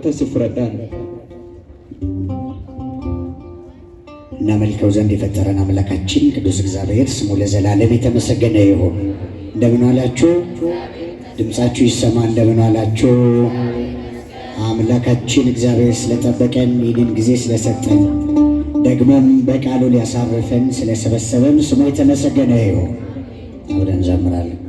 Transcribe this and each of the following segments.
ወጥተ ስፍረዳ እናመልከው ዘንድ የፈጠረን አምላካችን ቅዱስ እግዚአብሔር ስሙ ለዘላለም የተመሰገነ ይሁን። እንደምን ዋላችሁ? ድምፃችሁ ይሰማ። እንደምን ዋላችሁ? አምላካችን እግዚአብሔር ስለጠበቀን ይህንን ጊዜ ስለሰጠን ደግሞም በቃሉ ሊያሳርፈን ስለሰበሰበን ስሙ የተመሰገነ ይሁን። አብረን እንዘምራለን።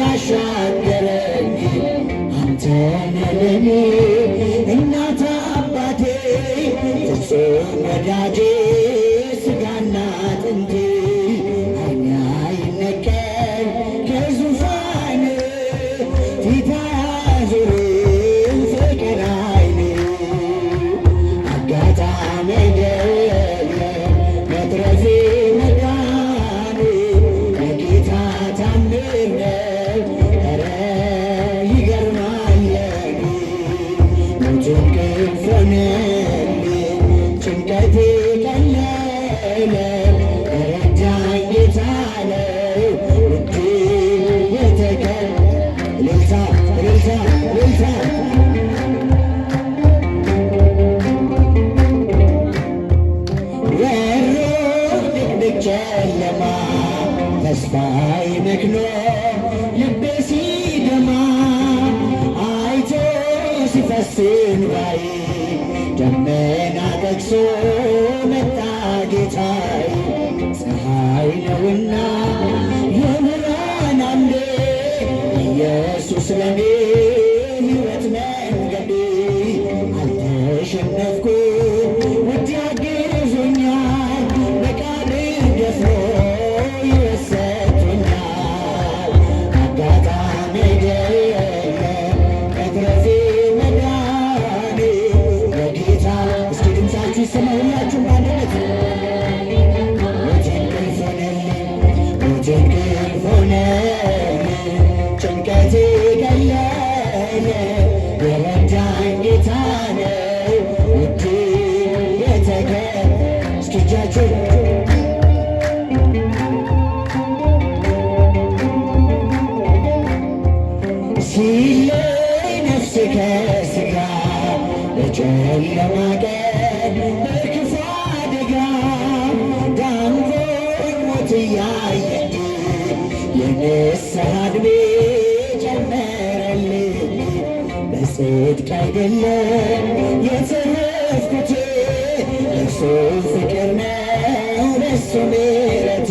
ያሻገረኝ አንተ ነህ ለኔ እናት አባቴ ፍጹም ወዳጄ ፀሐይ ነግኖ ልቤ ሲደማ አይቶ ሲፈስ እንባዬ ደመና ጠቅሶ መጣ ጌታዬ ፀሐይ ነውና የብርሃን አምዴ ኢየሱስ ለኔ ሕይወት መንገዴ አልተሸነፍኩም ንስሐ ዕድሜ በጽድቅ አይደለም የተረፍኩት እርሱ ፍቅር ነው በሱ ምሕረት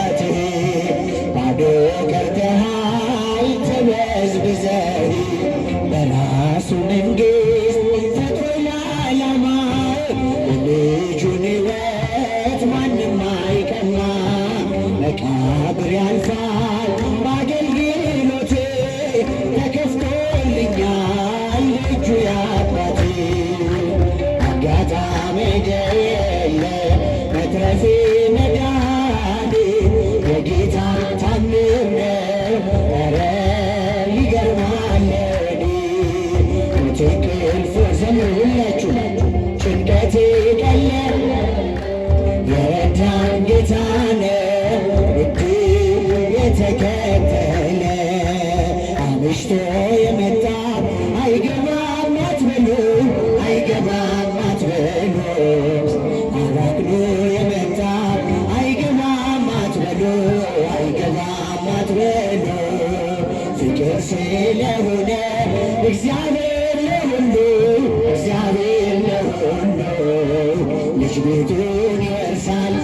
ልጅ ቤቱን ይወርሳል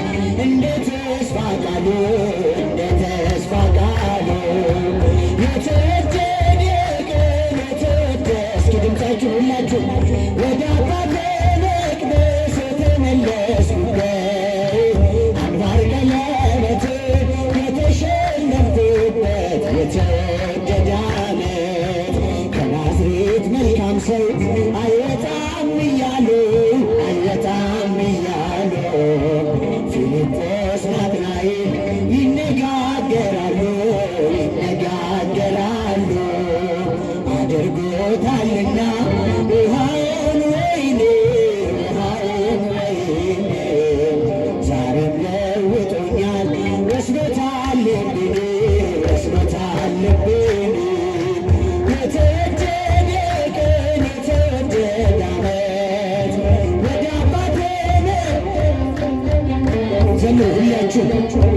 እንደ ተስፋ ቃሉ Thank you.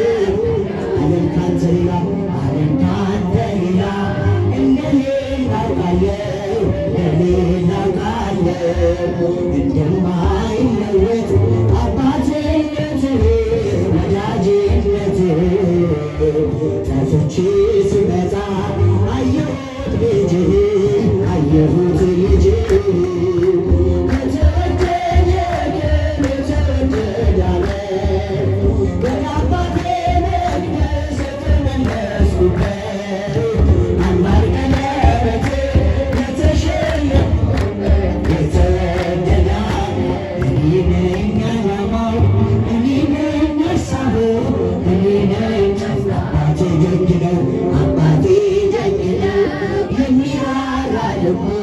Amen.